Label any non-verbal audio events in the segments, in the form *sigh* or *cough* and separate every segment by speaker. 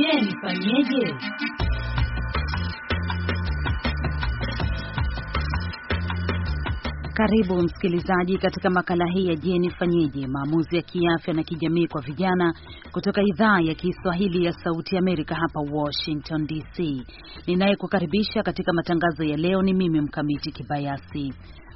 Speaker 1: Je, nifanyeje? Karibu msikilizaji katika makala hii ya Je, nifanyeje, maamuzi ya kiafya na kijamii kwa vijana kutoka idhaa ya Kiswahili ya Sauti Amerika hapa Washington DC. Ninayekukaribisha katika matangazo ya leo ni mimi Mkamiti Kibayasi.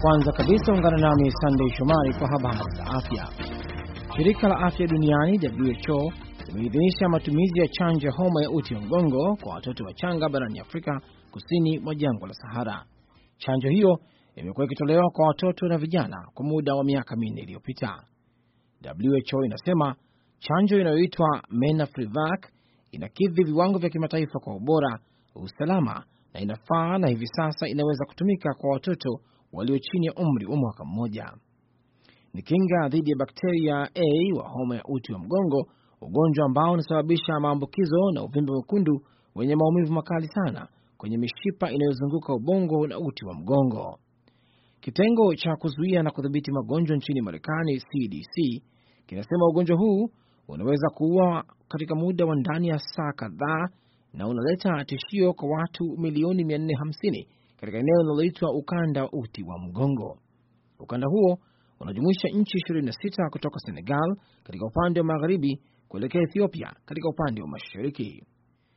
Speaker 2: Kwanza kabisa ungana nami Sandey Shomari kwa habari za afya. Shirika la afya duniani WHO limeidhinisha matumizi ya chanjo ya homa ya uti wa mgongo kwa watoto wachanga barani Afrika kusini mwa jangwa la Sahara. Chanjo hiyo imekuwa ikitolewa kwa watoto na vijana kwa muda wa miaka minne iliyopita. WHO inasema chanjo inayoitwa Menafrivac inakidhi viwango vya kimataifa kwa ubora, usalama na inafaa, na hivi sasa inaweza kutumika kwa watoto walio chini ya umri wa mwaka mmoja. Ni kinga dhidi ya bakteria A wa homa ya uti wa mgongo, ugonjwa ambao unasababisha maambukizo na uvimbe mwekundu wenye maumivu makali sana kwenye mishipa inayozunguka ubongo na uti wa mgongo. Kitengo cha kuzuia na kudhibiti magonjwa nchini Marekani, CDC, kinasema ugonjwa huu unaweza kuua katika muda wa ndani ya saa kadhaa na unaleta tishio kwa watu milioni 450 katika eneo linaloitwa ukanda uti wa mgongo. Ukanda huo unajumuisha nchi 26 kutoka Senegal katika upande wa magharibi kuelekea Ethiopia katika upande wa mashariki.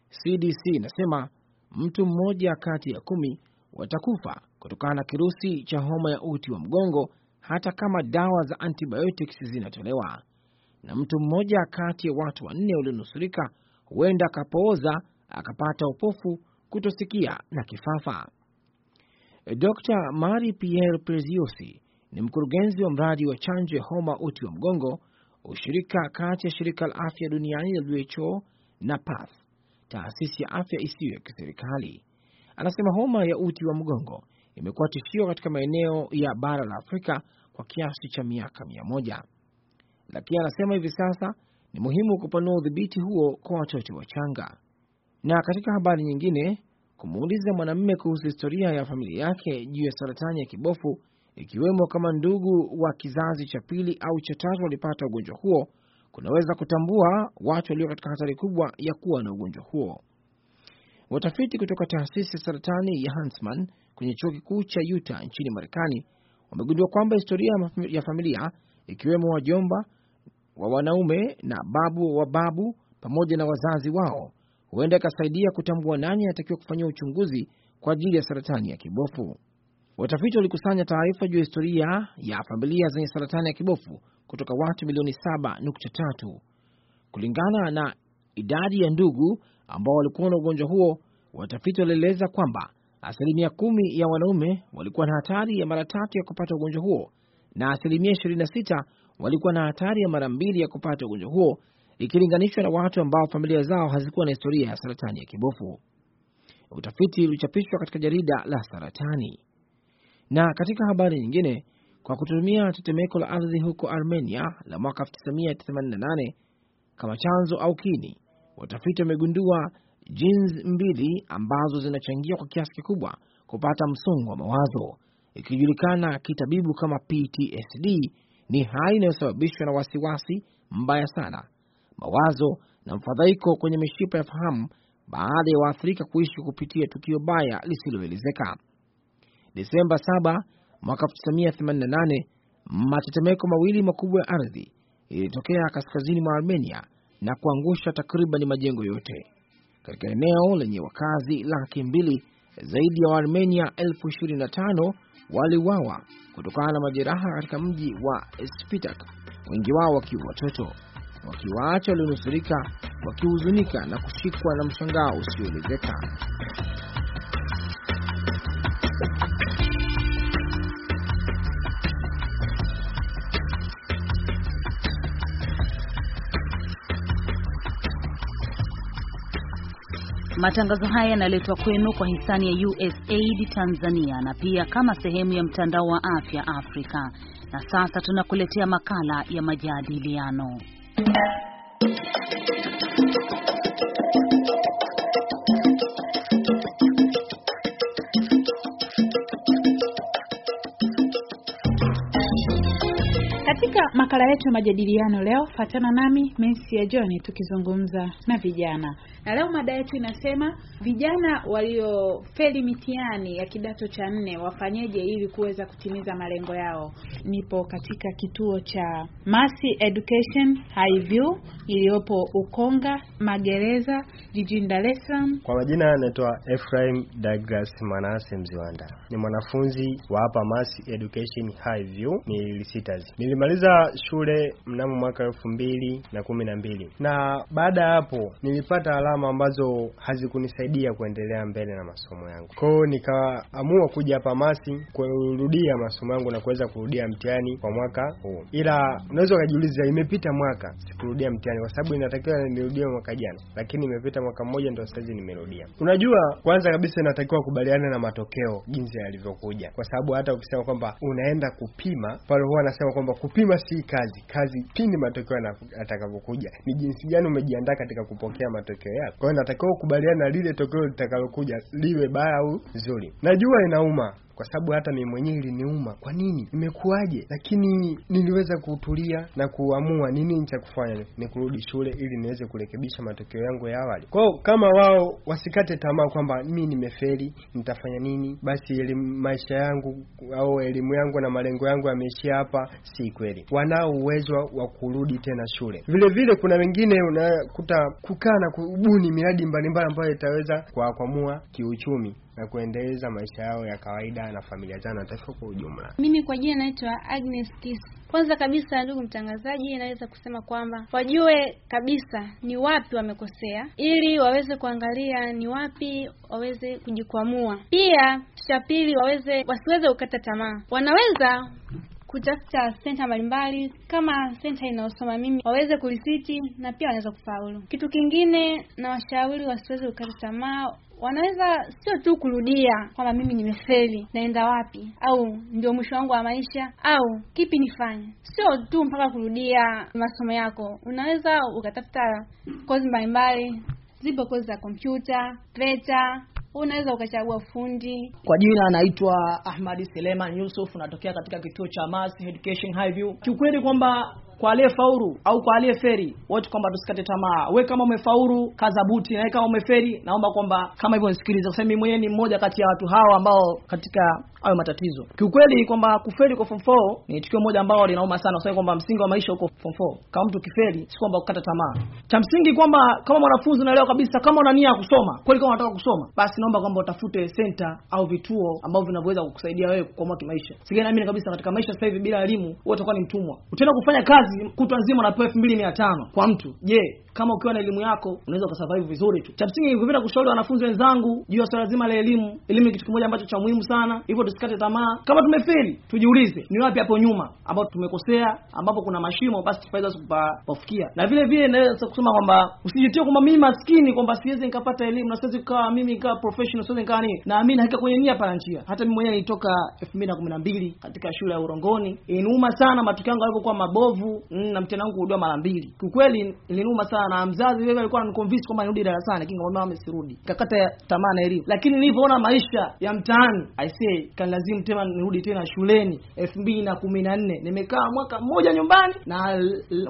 Speaker 2: CDC inasema mtu mmoja kati ya kumi watakufa kutokana na kirusi cha homa ya uti wa mgongo hata kama dawa za antibiotics zinatolewa, na mtu mmoja kati ya watu wanne walionusurika huenda akapooza, akapata upofu, kutosikia na kifafa. Dr Mari Pierre Preziosi ni mkurugenzi wa mradi wa chanjo ya homa uti wa mgongo, ushirika kati ya shirika la afya duniani WHO na PATH, taasisi ya afya isiyo ya kiserikali. Anasema homa ya uti wa mgongo imekuwa tishio katika maeneo ya bara la Afrika kwa kiasi cha miaka mia moja, lakini anasema hivi sasa ni muhimu kupanua udhibiti huo kwa watoto wachanga. Na katika habari nyingine, kumuuliza mwanamume kuhusu historia ya familia yake juu ya saratani ya kibofu, ikiwemo kama ndugu wa kizazi cha pili au cha tatu walipata ugonjwa huo, kunaweza kutambua watu walio katika hatari kubwa ya kuwa na ugonjwa huo. Watafiti kutoka taasisi ya saratani ya Huntsman kwenye chuo kikuu cha Utah nchini Marekani wamegundua kwamba historia ya familia ikiwemo wajomba wa wanaume na babu wa babu pamoja na wazazi wao huenda ikasaidia kutambua nani anatakiwa kufanyia uchunguzi kwa ajili ya saratani ya kibofu. Watafiti walikusanya taarifa juu ya historia ya familia zenye saratani ya kibofu kutoka watu milioni 7.3 kulingana na idadi ya ndugu ambao walikuwa na ugonjwa huo. Watafiti walieleza kwamba asilimia kumi ya wanaume walikuwa na hatari ya mara tatu ya kupata ugonjwa huo na asilimia 26 walikuwa na hatari ya mara mbili ya kupata ugonjwa huo ikilinganishwa na watu ambao familia zao hazikuwa na historia ya saratani ya kibofu. Utafiti ulichapishwa katika jarida la Saratani. Na katika habari nyingine, kwa kutumia tetemeko la ardhi huko Armenia la mwaka 1988 kama chanzo au kini, watafiti wamegundua jins mbili ambazo zinachangia kwa kiasi kikubwa kupata msongo wa mawazo, ikijulikana kitabibu kama PTSD. Ni hali inayosababishwa na wasiwasi mbaya sana mawazo na mfadhaiko kwenye mishipa ya fahamu baada ya waathirika kuishi kupitia tukio baya lisiloelezeka. Desemba 7 mwaka 1988, matetemeko mawili makubwa ya ardhi ilitokea kaskazini mwa Armenia na kuangusha takriban majengo yote katika eneo lenye wakazi laki mbili. Zaidi ya Waarmenia elfu ishirini na tano waliuawa kutokana na majeraha katika mji wa Spitak, wengi wao wakiwa watoto wakiwaacha walionusurika wakihuzunika na kushikwa na mshangao usioelezeka.
Speaker 1: Matangazo haya yanaletwa kwenu kwa hisani ya USAID Tanzania na pia kama sehemu ya mtandao wa afya Afrika. Na sasa tunakuletea makala ya majadiliano. Thank you.
Speaker 3: makala yetu ya majadiliano leo, fatana nami Mensi ya John tukizungumza na vijana, na leo mada yetu inasema vijana waliofeli mitihani ya kidato cha nne wafanyeje ili kuweza kutimiza malengo yao. Nipo katika kituo cha Masi Education view iliyopo Ukonga Magereza, jijini Dar es Salaam.
Speaker 4: Kwa majina anaitwa Ephraim Douglas Manase Mziwanda, ni mwanafunzi wa hapa Masi Education view ni Lisitas. Nilimaliza shule mnamo mwaka elfu mbili na kumi na mbili na baada ya hapo nilipata alama ambazo hazikunisaidia kuendelea mbele na masomo yangu. Kwa hiyo nikaamua kuja hapa Masi kurudia masomo yangu na kuweza kurudia mtihani kwa mwaka huu, ila unaweza ukajiuliza, imepita mwaka sikurudia mtihani kwa sababu inatakiwa nirudie mwaka jana, lakini imepita mwaka mmoja ndio sasa nimerudia. Unajua, kwanza kabisa inatakiwa kubaliana na matokeo jinsi yalivyokuja, kwa sababu hata ukisema kwamba unaenda kupima pale, huwa anasema kwamba kupima si kazi kazi pindi matokeo atakapokuja, ni jinsi gani umejiandaa katika kupokea matokeo yako. Kwa hiyo natakiwa ukubaliana na lile tokeo litakalokuja, liwe baya au zuri. Najua inauma, kwa sababu hata mimi mwenyewe iliniuma, kwa nini imekuwaje? Lakini niliweza kutulia na kuamua ni nini cha kufanya, ni kurudi shule ili niweze kurekebisha matokeo yangu ya awali. Kwao kama wao wasikate tamaa kwamba mimi nimefeli, nitafanya nini? Basi elimu, maisha yangu au elimu yangu na malengo yangu yameishia hapa, si kweli. Wanao uwezo wa kurudi tena shule. Vile vile kuna wengine unakuta kukaa na kubuni miradi mbalimbali ambayo itaweza kuwakwamua kiuchumi na kuendeleza maisha yao ya kawaida na familia zao na taifa kwa ujumla.
Speaker 5: Mimi kwa jina naitwa Agnes Kis. Kwanza kabisa, ndugu mtangazaji, naweza kusema kwamba wajue kabisa ni wapi wamekosea, ili waweze kuangalia ni wapi waweze kujikwamua. Pia cha pili, waweze wasiweze kukata tamaa, wanaweza kutafuta senta mbalimbali kama senta inayosoma mimi waweze kulisiti na pia wanaweza kufaulu. Kitu kingine, na washauri wasiweze kukata tamaa, wanaweza sio tu kurudia kwamba mimi nimefeli, naenda wapi, au ndio mwisho wangu wa maisha, au kipi nifanye. Sio tu mpaka kurudia masomo yako, unaweza ukatafuta kozi mbalimbali. Zipo kozi za kompyuta, VETA, unaweza ukachagua fundi.
Speaker 6: Kwa jina anaitwa Ahmadi Seleman Yusuf, natokea katika kituo cha Mars Education Highview. Kiukweli kwamba kwa aliyefaulu au kwa aliyeferi wote, kwamba tusikate tamaa. We kama umefaulu kaza buti, na kama umeferi naomba kwamba kama hivyo nisikilize, kwa sababu mimi mwenyewe ni mmoja kati ya watu hawa ambao katika hayo matatizo. Kiukweli kwamba kufeli kwa form 4 ni tukio moja ambao linauma sana, kwa kwamba msingi wa maisha uko form 4. Kama mtu kifeli, si kwamba kukata tamaa, cha msingi kwamba kama mwanafunzi unaelewa kabisa, kama una nia ya kusoma kweli, kama unataka kusoma, basi naomba kwamba utafute center au vituo ambavyo vinavyoweza kukusaidia wewe kukwamua kimaisha. Sikia, naamini kabisa katika maisha sasa hivi bila elimu wewe utakuwa ni mtumwa, utaenda kufanya kazi kazi kutwa nzima unapewa elfu mbili mia tano kwa mtu. Je, kama ukiwa na elimu yako unaweza ukasurvive vizuri tu. Cha msingi ningependa kushauri wanafunzi wenzangu juu ya swala zima la elimu. Elimu ni kitu kimoja ambacho cha muhimu sana, hivyo tusikate tamaa. Kama tumefeli, tujiulize ni wapi hapo nyuma ambapo tumekosea, ambapo kuna mashimo, basi tutaweza kupafikia. Na vile vile naweza kusema kwamba usijitie kwamba mimi maskini, kwamba siwezi nikapata elimu na siwezi kukaa mimi nikawa professional, siwezi nikaa nini. Naamini hakika kwenye nia pana njia. Hata mimi mwenyewe nilitoka 2012 katika shule ya Urongoni, inuma sana, matukio yangu yalikuwa mabovu Mm, na mtihani wangu kurudiwa mara mbili. Kiukweli ilinuma sana, na mzazi wewe alikuwa ananiconvince kwamba nirudi darasani, lakini nikamwambia mama, sirudi. Kakata tamaa na elimu, lakini nilipoona maisha ya mtaani i say kan lazim tena nirudi tena shuleni. 2014. nimekaa mwaka mmoja nyumbani, na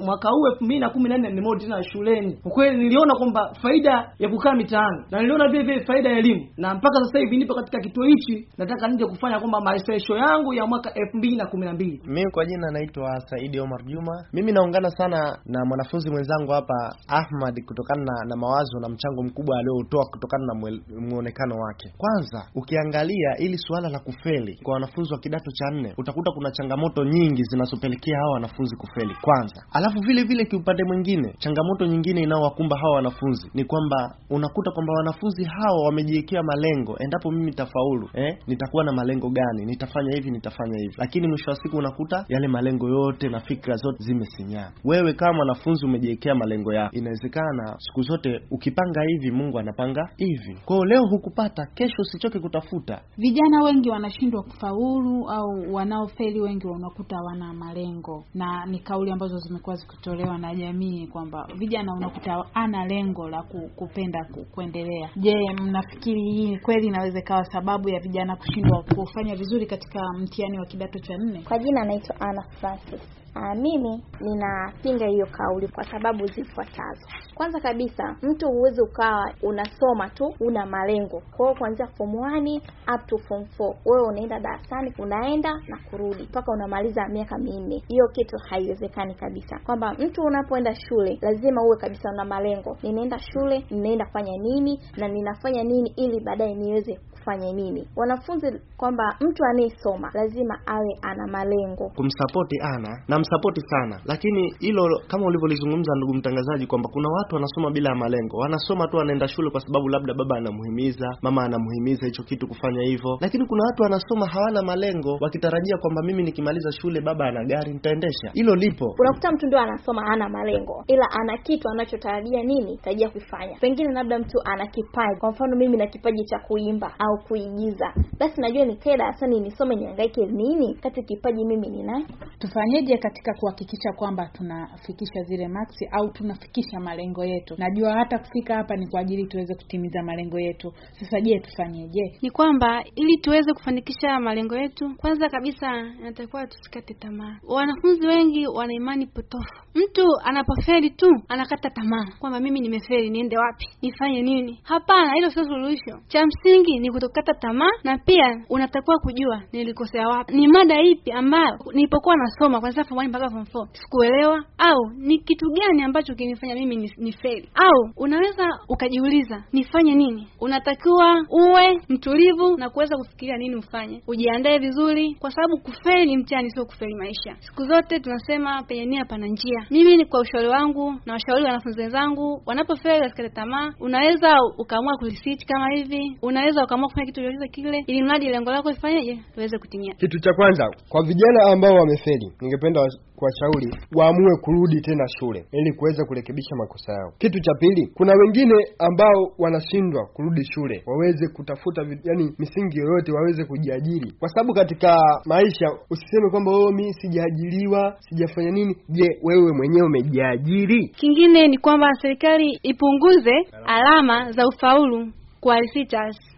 Speaker 6: mwaka huu 2014 nimerudi tena shuleni. Kwa kweli niliona kwamba faida ya kukaa mitaani na niliona vile vile faida ya elimu, na mpaka sasa hivi nipo katika kituo hichi, nataka nije kufanya kwamba maisha yangu ya mwaka 2012.
Speaker 7: Mimi kwa jina naitwa Saidi Omar Juma mimi naungana sana na mwanafunzi mwenzangu hapa Ahmad kutokana na, na mawazo na mchango mkubwa aliyoutoa kutokana na muonekano wake. Kwanza ukiangalia ili suala la kufeli kwa wanafunzi wa kidato cha nne, utakuta kuna changamoto nyingi zinazopelekea hawa wanafunzi kufeli kwanza. Alafu vile vile kiupande mwingine, changamoto nyingine inayowakumba hawa wanafunzi ni kwamba unakuta kwamba wanafunzi hawa wamejiwekea malengo, endapo mimi tafaulu eh, nitakuwa na malengo gani, nitafanya hivi, nitafanya hivi, lakini mwisho wa siku unakuta yale malengo yote na fikra zote zimesinyaa. Wewe kama mwanafunzi umejiwekea malengo yako, inawezekana siku zote ukipanga hivi, Mungu anapanga hivi. Kwa leo hukupata, kesho usichoke kutafuta.
Speaker 3: Vijana wengi wanashindwa kufaulu au wanaofeli wengi unakuta wana malengo, na ni kauli ambazo zimekuwa zikitolewa na jamii kwamba vijana unakuta ana lengo la kupenda kuendelea. Je, mnafikiri hii kweli inaweza ikawa sababu ya vijana kushindwa kufanya vizuri
Speaker 8: katika mtihani wa kidato cha nne? Kwa jina anaitwa Ana Francis. Uh, mimi ninapinga hiyo kauli kwa sababu zifuatazo. Kwanza kabisa, mtu huwezi ukawa unasoma tu una malengo. Kwa hiyo kuanzia form 1 up to form 4 wewe unaenda darasani, unaenda na kurudi mpaka unamaliza miaka minne. Hiyo kitu haiwezekani kabisa, kwamba mtu unapoenda shule lazima uwe kabisa una malengo. Ninaenda shule, ninaenda kufanya nini na ninafanya nini ili baadaye niweze kufanya nini. Wanafunzi, kwamba mtu anayesoma lazima awe ana malengo.
Speaker 7: Kumsapoti ana na tunamsapoti sana, lakini hilo kama ulivyolizungumza ndugu mtangazaji, kwamba kuna watu wanasoma bila ya malengo, wanasoma tu wanaenda shule kwa sababu labda baba anamuhimiza, mama anamuhimiza hicho kitu kufanya hivyo. Lakini kuna watu wanasoma hawana malengo, wakitarajia kwamba mimi nikimaliza shule, baba ana gari, nitaendesha. Hilo lipo.
Speaker 8: Unakuta mtu ndio anasoma hana malengo, ila ana kitu anachotarajia nini, tarajia kufanya. Pengine labda mtu ana kipaji, kwa mfano mimi na kipaji cha kuimba au kuigiza, basi najua nikae darasani nisome niangaike nini, kati kipaji mimi ninacho, tufanyeje? katika kuhakikisha kwamba
Speaker 3: tunafikisha zile maksi au tunafikisha malengo yetu. Najua hata kufika hapa ni kwa ajili tuweze
Speaker 5: kutimiza malengo yetu. Sasa je, tufanyeje? Ni kwamba ili tuweze kufanikisha malengo yetu, kwanza kabisa inatakiwa tusikate tamaa. Wanafunzi wengi wana imani potofu. Mtu anapofeli tu anakata tamaa kwamba mimi nimefeli, niende wapi? Nifanye nini? Hapana, hilo sio suluhisho. Cha msingi ni kutokata tamaa, na pia unatakiwa kujua nilikosea wapi, ni mada ipi ambayo nilipokuwa nasoma sababu form mpaka form four sikuelewa, au ni kitu gani ambacho kinifanya mimi ni, ni feli? Au unaweza ukajiuliza nifanye nini? Unatakiwa uwe mtulivu na kuweza kufikiria nini ufanye, ujiandae vizuri, kwa sababu kufeli mtihani sio kufeli maisha. Siku zote tunasema penye nia pana njia. Mimi ni kwa ushauri wangu na washauri wanafunzi wenzangu, wanapofeli katika tamaa, unaweza ukaamua kulisiti kama hivi, unaweza ukaamua kufanya kitu chochote kile, ili mradi lengo lako lifanyeje, liweze kutimia.
Speaker 4: Kitu cha kwanza kwa vijana ambao wamefeli, ningependa kuwashauri waamue kurudi tena shule ili kuweza kurekebisha makosa yao. Kitu cha pili, kuna wengine ambao wanashindwa kurudi shule waweze kutafuta yani misingi yoyote waweze kujiajiri, kwa sababu katika maisha usiseme kwamba wewe, oh, mimi sijaajiriwa, sijafanya nini. Je, wewe mwenyewe umejiajiri?
Speaker 5: Kingine ni kwamba serikali ipunguze alama za ufaulu kwa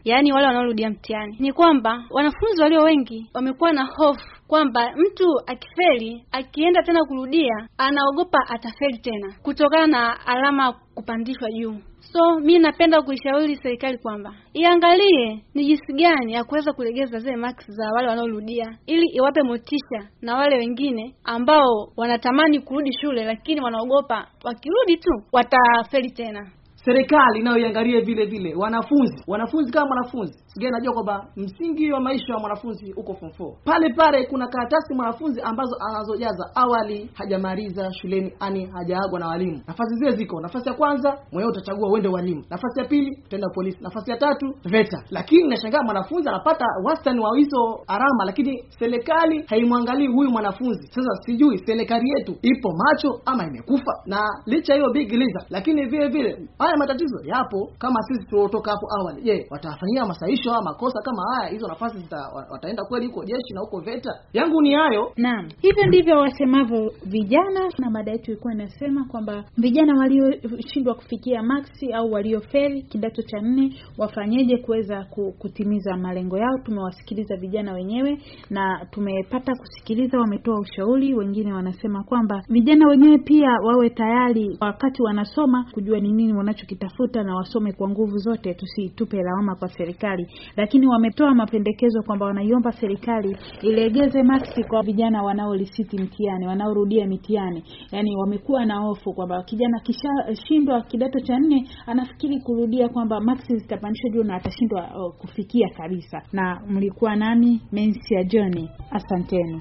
Speaker 5: yaani wale wanaorudia mtihani, ni kwamba wanafunzi walio wengi wamekuwa na hofu kwamba mtu akifeli akienda tena kurudia, anaogopa atafeli tena kutokana na alama kupandishwa juu. So mi napenda kuishauri serikali kwamba iangalie ni jinsi gani ya kuweza kulegeza zile marks za wale wanaorudia, ili iwape motisha na wale wengine ambao wanatamani kurudi shule, lakini wanaogopa wakirudi tu watafeli tena
Speaker 6: serikali nayo iangalie vile vile wanafunzi wanafunzi kama mwanafunzi sije najua kwamba msingi wa maisha ya mwanafunzi uko form pale pale kuna karatasi mwanafunzi ambazo anazojaza awali hajamaliza shuleni ani hajaagwa na walimu nafasi zile ziko nafasi ya kwanza mwenyewe utachagua uende walimu nafasi ya pili utaenda polisi nafasi ya tatu VETA lakini nashangaa mwanafunzi anapata wastani wa hizo arama lakini serikali haimwangalii huyu mwanafunzi sasa sijui serikali yetu ipo macho ama imekufa na licha hiyo big lisa lakini vile vile haya matatizo yapo kama sisi tuliotoka hapo awali. Je, watafanyia masaisho haya makosa kama haya? Hizo nafasi zita, wataenda kweli huko jeshi na huko VETA? Yangu ni hayo. Naam, hivyo ndivyo wasemavyo vijana, na mada yetu
Speaker 3: ilikuwa inasema kwamba vijana walioshindwa kufikia maxi au walioferi kidato cha nne wafanyeje kuweza kutimiza malengo yao. Tumewasikiliza vijana wenyewe na tumepata kusikiliza, wametoa ushauri. Wengine wanasema kwamba vijana wenyewe pia wawe tayari wakati wanasoma kujua ni nini wanacho tunachokitafuta na wasome kwa nguvu zote, tusitupe lawama kwa serikali. Lakini wametoa mapendekezo kwamba wanaiomba serikali ilegeze maksi kwa vijana wanaolisiti mtihani, wanaorudia mitihani. Yani wamekuwa na hofu kwamba kijana kishashindwa kidato cha nne, anafikiri kurudia kwamba maksi zitapandishwa juu na atashindwa oh, kufikia kabisa. Na mlikuwa nani? Mensia John, asanteni.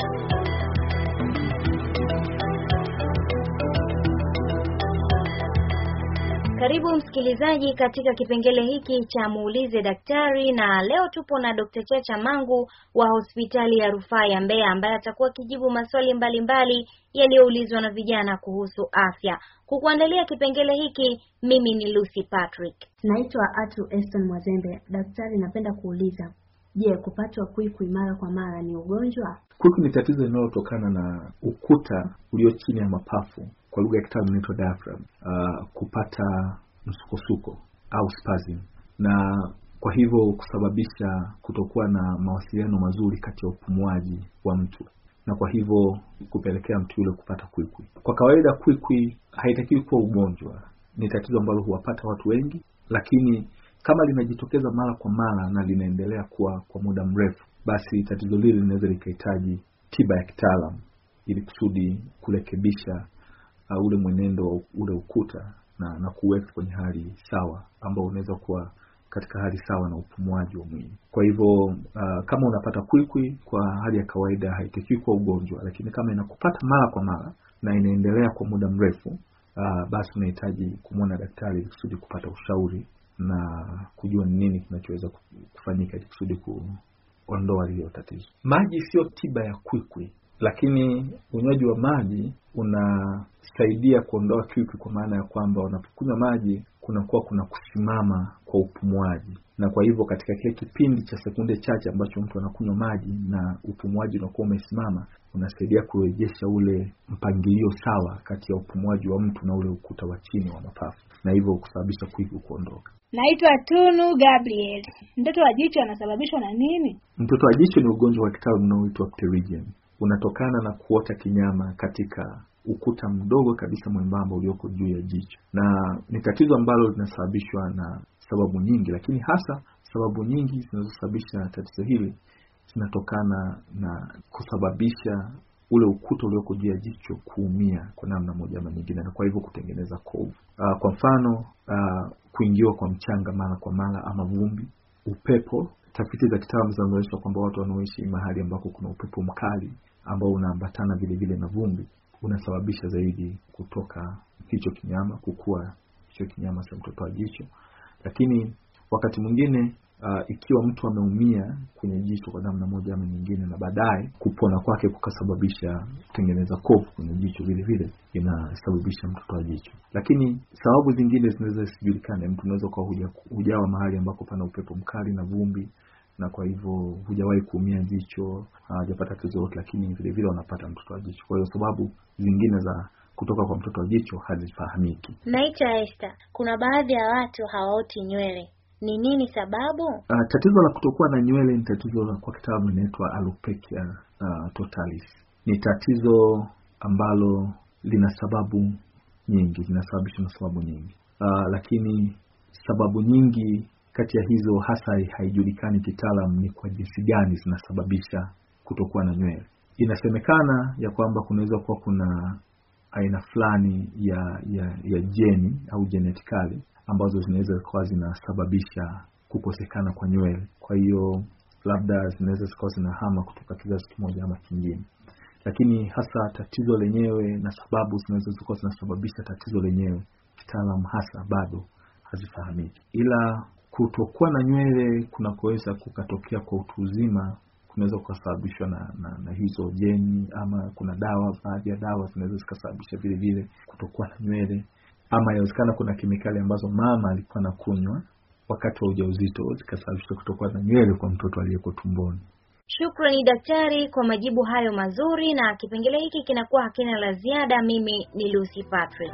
Speaker 1: Karibu msikilizaji katika kipengele hiki cha muulize daktari, na leo tupo na Dr. Chacha Mangu wa hospitali
Speaker 9: ya rufaa ya Mbeya ambaye atakuwa akijibu maswali mbalimbali yaliyoulizwa na vijana kuhusu afya. Kukuandalia kipengele hiki mimi ni Lucy Patrick. Naitwa
Speaker 5: Atu Eston Mwazembe. Daktari, napenda kuuliza Je, kupatwa kwiku mara kwa mara ni ugonjwa?
Speaker 10: Kwiku ni tatizo linalotokana na ukuta ulio chini ya mapafu, kwa lugha ya kitaalamu inaitwa diaphragm, uh, kupata msukosuko au spasm, na kwa hivyo kusababisha kutokuwa na mawasiliano mazuri kati ya upumuaji wa mtu na kwa hivyo kupelekea mtu yule kupata kwikwi. Kwa kawaida kwikwi haitakiwi kuwa ugonjwa, ni tatizo ambalo huwapata watu wengi, lakini kama linajitokeza mara kwa mara na linaendelea kuwa kwa muda mrefu, basi tatizo lile linaweza likahitaji tiba ya kitaalam ili kusudi kurekebisha uh, ule mwenendo wa ule ukuta na, na kuweka kwenye hali sawa ambao unaweza kuwa katika hali sawa na upumuaji wa mwili. Kwa hivyo uh, kama unapata kwikwi kwa hali ya kawaida, haitakiwi kuwa ugonjwa, lakini kama inakupata mara kwa mara na inaendelea kwa muda mrefu, uh, basi unahitaji kumwona daktari kusudi kupata ushauri na kujua ni nini kinachoweza kufanyika kusudi kuondoa hiyo tatizo. Maji sio tiba ya kwikwi, lakini unywaji wa maji unasaidia kuondoa kwikwi, kwa maana ya kwamba unapokunywa maji kunakuwa kuna kusimama kwa upumuaji, na kwa hivyo katika kile kipindi cha sekunde chache ambacho mtu anakunywa maji na upumuaji unakuwa umesimama, unasaidia kurejesha ule mpangilio sawa kati ya upumuaji wa mtu na ule ukuta wa chini wa mapafu, na hivyo kusababisha kwikwi kuondoka.
Speaker 5: Naitwa Tunu Gabriel. Mtoto wa jicho anasababishwa na nini?
Speaker 10: Mtoto wa jicho ni ugonjwa wa kitaalamu unaoitwa pterygium. Unatokana na kuota kinyama katika ukuta mdogo kabisa mwembamba ulioko juu ya jicho, na ni tatizo ambalo linasababishwa na sababu nyingi, lakini hasa sababu nyingi zinazosababisha tatizo hili zinatokana na kusababisha ule ukuta ulioko juu ya jicho kuumia kwa namna moja ama nyingine, na kwa hivyo kutengeneza kovu. Ah, kwa mfano, ah, kuingiwa kwa mchanga mara kwa mara ama vumbi, upepo. Tafiti za kitaalamu zinaonyesha kwamba watu wanaoishi mahali ambako kuna upepo mkali ambao unaambatana vile vile na vumbi unasababisha zaidi kutoka hicho kinyama, kukua hicho kinyama cha mtoto wa jicho. Lakini wakati mwingine uh, ikiwa mtu ameumia kwenye jicho kwa namna moja ama nyingine, na baadaye kupona kwake kukasababisha kutengeneza kovu kwenye jicho, vile vile inasababisha mtoto wa jicho. Lakini sababu zingine zinaweza zisijulikane. Mtu unaweza ukawa hujawa mahali ambako pana upepo mkali na vumbi na kwa hivyo hujawahi kuumia jicho, hajapata tatizo lakini vile vile wanapata mtoto wa jicho. Kwa hiyo sababu zingine za kutoka kwa mtoto wa jicho hazifahamiki.
Speaker 9: Naitwa Esther. Kuna baadhi ya watu hawaoti nywele, ni nini sababu?
Speaker 10: Uh, tatizo la kutokuwa na nywele ni tatizo kwa kitaalamu linaitwa alopecia uh, totalis. Ni tatizo ambalo lina sababu nyingi, linasababishwa na sababu nyingi uh, lakini sababu nyingi kati ya hizo hasa haijulikani kitaalam ni kwa jinsi gani zinasababisha kutokuwa na nywele. Inasemekana ya kwamba kunaweza kuwa kuna aina fulani ya ya ya jeni au genetically ambazo zinaweza zikawa zinasababisha kukosekana kwa nywele. Kwa hiyo labda zinaweza zikawa zinahama kutoka kizazi kimoja ama kingine, lakini hasa tatizo lenyewe na sababu zinaweza zikawa zinasababisha tatizo lenyewe kitaalamu hasa bado hazifahamiki, ila kutokuwa na nywele kunakoweza kukatokea kwa utu uzima kunaweza kukasababishwa na, na, na hizo jeni ama kuna dawa, baadhi ya dawa zinaweza zikasababisha vile vile kutokuwa na nywele ama inawezekana kuna kemikali ambazo mama alikuwa anakunywa wakati wa ujauzito zikasababisha kutokuwa na nywele kwa mtoto aliyeko tumboni.
Speaker 9: Shukrani daktari kwa majibu hayo mazuri, na kipengele hiki kinakuwa hakina la ziada. Mimi ni Lucy Patrick.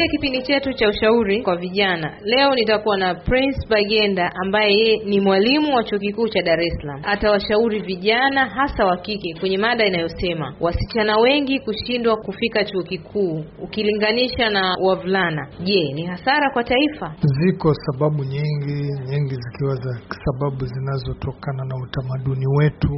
Speaker 8: Katika kipindi chetu cha ushauri kwa vijana leo nitakuwa na Prince Bagenda ambaye yeye ni mwalimu wa chuo kikuu cha Dar es Salaam. Atawashauri vijana hasa wa kike kwenye mada inayosema wasichana wengi kushindwa kufika chuo kikuu ukilinganisha na wavulana. Je, ni hasara kwa taifa?
Speaker 11: Ziko sababu nyingi zikiwa za sababu zinazotokana na utamaduni wetu,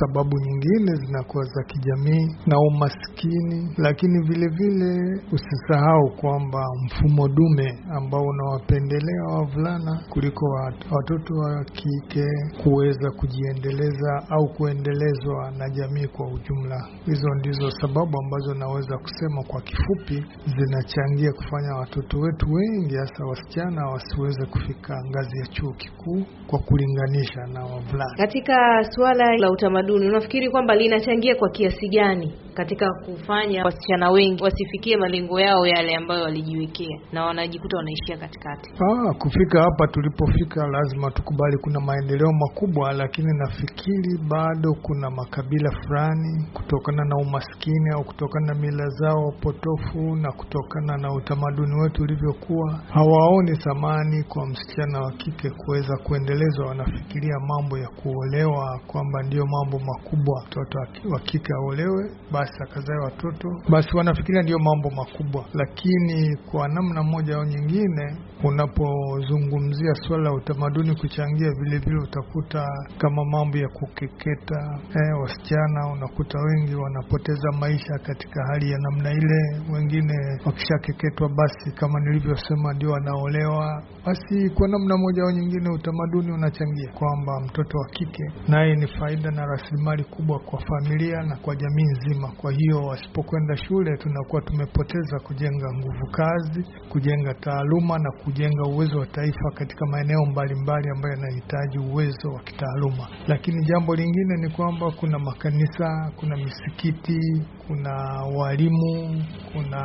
Speaker 11: sababu nyingine zinakuwa za kijamii na umaskini, lakini vile vile usisahau kwamba mfumo dume ambao unawapendelea wavulana kuliko watoto wa kike kuweza kujiendeleza au kuendelezwa na jamii kwa ujumla. Hizo ndizo sababu ambazo naweza kusema kwa kifupi zinachangia kufanya watoto wetu wengi hasa wasichana wasiweze kufika ngazi ya chuo kikuu siku kwa kulinganisha na wavulana.
Speaker 8: Katika suala la utamaduni, unafikiri kwamba linachangia kwa kiasi gani katika kufanya wasichana wengi wasifikie malengo yao yale ambayo walijiwekea na wanajikuta wanaishia katikati?
Speaker 11: Ah, kufika hapa tulipofika, lazima tukubali kuna maendeleo makubwa, lakini nafikiri bado kuna makabila fulani, kutokana na umaskini au kutokana na mila zao potofu na kutokana na utamaduni wetu ulivyokuwa, hawaoni thamani kwa msichana wa kike kuweza za kuendelezwa wanafikiria mambo ya kuolewa, kwamba ndiyo mambo makubwa, mtoto wa kike aolewe basi akazae watoto, basi wanafikiria ndiyo mambo makubwa. Lakini kwa namna moja au nyingine, unapozungumzia suala la utamaduni kuchangia vilevile, utakuta kama mambo ya kukeketa eh, wasichana unakuta wengi wanapoteza maisha katika hali ya namna ile. Wengine wakishakeketwa, basi kama nilivyosema, ndio wanaolewa. Basi kwa namna moja au nyingine utamaduni unachangia kwamba mtoto wa kike naye ni faida na rasilimali kubwa kwa familia na kwa jamii nzima. Kwa hiyo wasipokwenda shule, tunakuwa tumepoteza kujenga nguvu kazi, kujenga taaluma na kujenga uwezo wa taifa katika maeneo mbalimbali ambayo yanahitaji uwezo wa kitaaluma. Lakini jambo lingine ni kwamba kuna makanisa, kuna misikiti, kuna walimu, kuna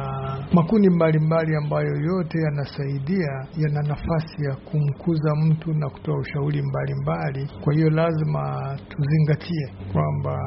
Speaker 11: makundi mbalimbali ambayo yote yanasaidia, yana nafasi ya kumkuza mtu na na kutoa ushauri mbalimbali. Kwa hiyo lazima tuzingatie kwamba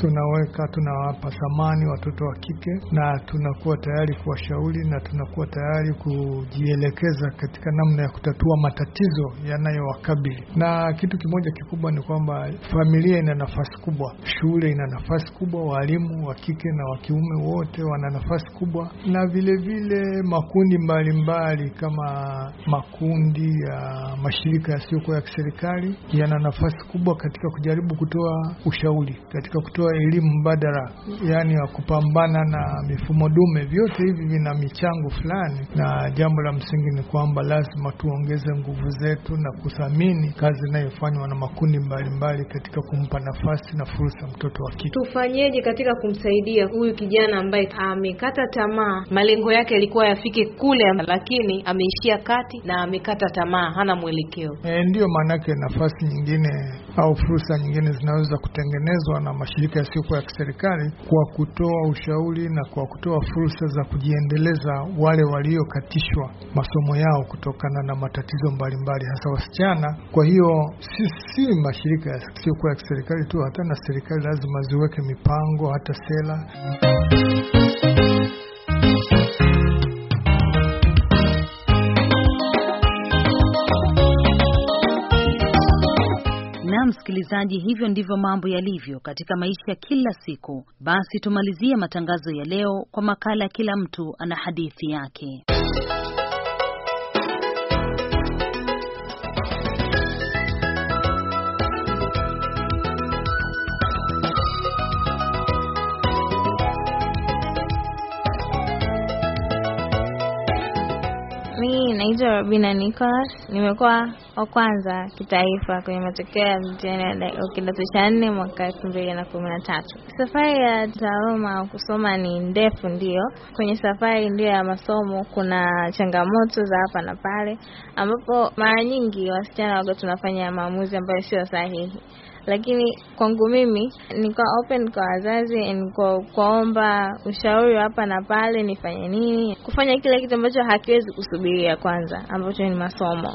Speaker 11: tunaweka tunawapa thamani watoto wa kike na tunakuwa tayari kuwashauri na tunakuwa tayari kujielekeza katika namna ya kutatua matatizo yanayowakabili. Na kitu kimoja kikubwa ni kwamba familia ina nafasi kubwa, shule ina nafasi kubwa, waalimu wa kike na wa kiume wote wana nafasi kubwa, na vile vile makundi mbalimbali mbali kama makundi ya mashirika yasiyokuwa ya kiserikali yana nafasi kubwa katika kujaribu kutoa ushauri katika kutoa kutoa elimu mbadala, yani ya kupambana na mifumo dume. Vyote hivi vina michango fulani, na jambo la msingi ni kwamba lazima tuongeze nguvu zetu na kuthamini kazi inayofanywa na makundi mbalimbali katika kumpa nafasi na fursa mtoto wa kike.
Speaker 8: Tufanyeje katika kumsaidia huyu kijana ambaye amekata tamaa? Malengo yake yalikuwa yafike kule, lakini ameishia kati na amekata tamaa, hana mwelekeo.
Speaker 11: E, eh, ndiyo maanake nafasi nyingine au fursa nyingine zinaweza kutengenezwa na mashirika yasiyokuwa ya kiserikali kwa kutoa ushauri na kwa kutoa fursa za kujiendeleza wale waliokatishwa masomo yao kutokana na matatizo mbalimbali mbali, hasa wasichana. Kwa hiyo si, si mashirika yasiyokuwa ya kiserikali tu, hata na serikali lazima ziweke mipango, hata sera
Speaker 1: Msikilizaji, hivyo ndivyo mambo yalivyo katika maisha kila siku. Basi tumalizie matangazo ya leo kwa makala, kila mtu ana hadithi yake.
Speaker 8: Mi naitwa Robina Nicholas, nimekuwa wa kwanza kitaifa kwenye matokeo ya mtihani wa kidato cha nne mwaka elfu mbili na kumi na tatu. Safari ya taaluma au kusoma ni ndefu, ndiyo. Kwenye safari ndiyo ya masomo kuna changamoto za hapa na pale, ambapo mara nyingi wasichana waga tunafanya maamuzi ambayo sio sahihi lakini kwangu mimi nilikuwa open kwa wazazi kwa kuomba ushauri hapa na pale, nifanye nini, kufanya kile kitu ambacho hakiwezi kusubiria kwanza, ambacho ni masomo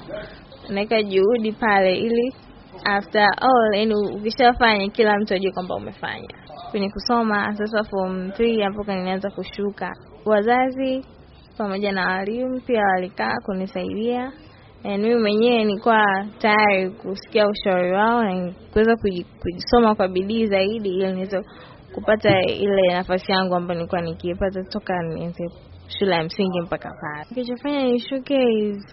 Speaker 8: naweka juhudi pale, ili after all, yani ukishafanya kila mtu ajue kwamba umefanya. Kwenye kusoma sasa, form 3 hapo kanianza kushuka. Wazazi pamoja na walimu pia walikaa kunisaidia mimi mwenyewe nilikuwa tayari kusikia ushauri wao na kuweza kujisoma kwa bidii zaidi, ili niweze kupata ile nafasi yangu ambayo nilikuwa nikipata toka nianze shule ya msingi mpaka pale. Kilichofanya nishuke is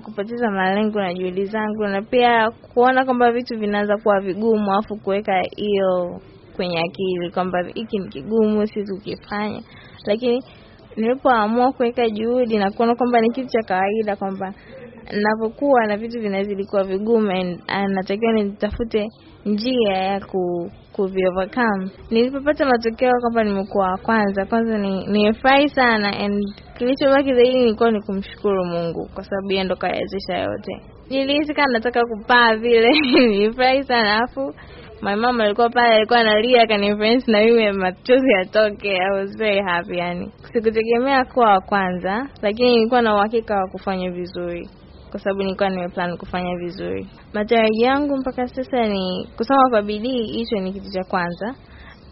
Speaker 8: kupoteza malengo na juhudi zangu, na pia kuona kwamba vitu vinaanza kuwa vigumu, afu kuweka hiyo kwenye akili kwamba hiki ni kigumu, siwezi ukifanya Lakini nilipoamua kuweka juhudi na kuona kwamba ni kitu cha kawaida, kwamba ninapokuwa na vitu vinazidi kuwa vigumu, ah, natakiwa nitafute njia ya ku kuviovercome. Nilipopata matokeo kwamba nimekuwa wa kwanza, kwanza nimefurahi sana and Kilichobaki zaidi nilikuwa ni kumshukuru Mungu kwa sababu yeye ndo kayawezesha yote. Nilihisi kama nataka kupaa vile *laughs* nilifurahi sana, alafu my mom alikuwa pale, alikuwa analia, akaniinfluence na mimi machozi yatoke. I was very happy. Yani sikutegemea kuwa wa kwanza, lakini nilikuwa na uhakika wa kufanya vizuri kwa sababu nilikuwa nimeplan kufanya vizuri. Matarajio yangu mpaka sasa ni kusoma kwa bidii, hicho ni kitu cha kwanza.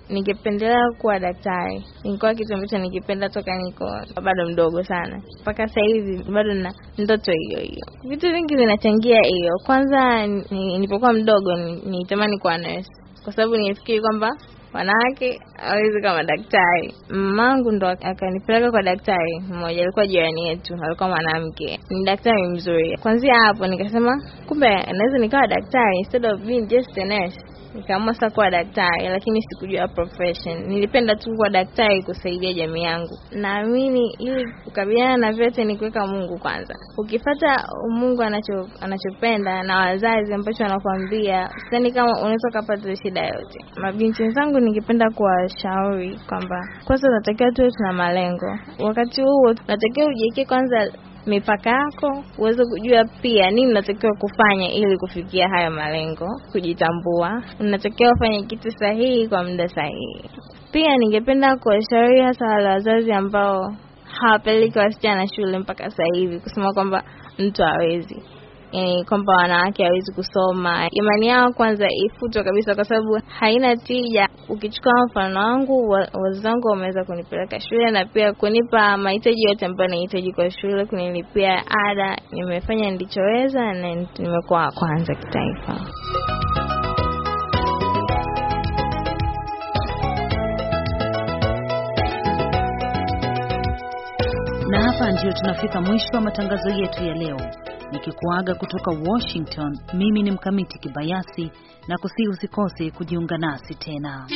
Speaker 8: Ningependelea kuwa daktari. Nilikuwa kitu ambacho nikipenda toka niko bado mdogo sana, mpaka sasa hivi bado na ndoto hiyo hiyo. Vitu vingi vinachangia hiyo. Kwanza nilipokuwa mdogo nilitamani kuwa nurse, kwa sababu nilifikiri kwamba wanawake hawezi kama daktari. Mamangu ndo akanipeleka kwa daktari mmoja, alikuwa jirani yetu, alikuwa mwanamke, ni daktari mzuri. Kwanzia hapo nikasema, kumbe naweza nikawa daktari instead of being just a nurse nikaamua sasa kuwa daktari, lakini sikujua profession. Nilipenda tu kuwa daktari kusaidia jamii yangu. Naamini ili kukabiliana na vyote ni kuweka Mungu kwanza. Ukifata Mungu anacho anachopenda na wazazi ambacho wanakuambia, sidhani kama unaweza kupata shida yote. Mabinti zangu ningependa kuwashauri kwamba kwanza, tunatakiwa tuwe tuna malengo. Wakati huo tunatakiwa ujiwekee kwanza mipaka yako, uweze kujua pia nini unatakiwa kufanya ili kufikia hayo malengo, kujitambua. Unatakiwa ufanye kitu sahihi kwa muda sahihi. Pia ningependa kuwashauri hasa wale wazazi ambao hawapeleki wasichana shule mpaka sasa hivi, kusema kwamba mtu hawezi yani eh, kwamba wanawake hawezi kusoma. Imani yao kwanza ifutwe kabisa, kwa sababu haina tija. Ukichukua mfano wangu, wazazi wangu wameweza kunipeleka shule na pia kunipa mahitaji yote ambayo nahitaji kwa shule, kunilipia ada. Nimefanya nilichoweza na nimekuwa kwanza kitaifa.
Speaker 1: Na hapa ndio tunafika mwisho wa matangazo yetu ya leo nikikuaga kutoka Washington. Mimi ni Mkamiti Kibayasi na kusihi usikose kujiunga nasi tena.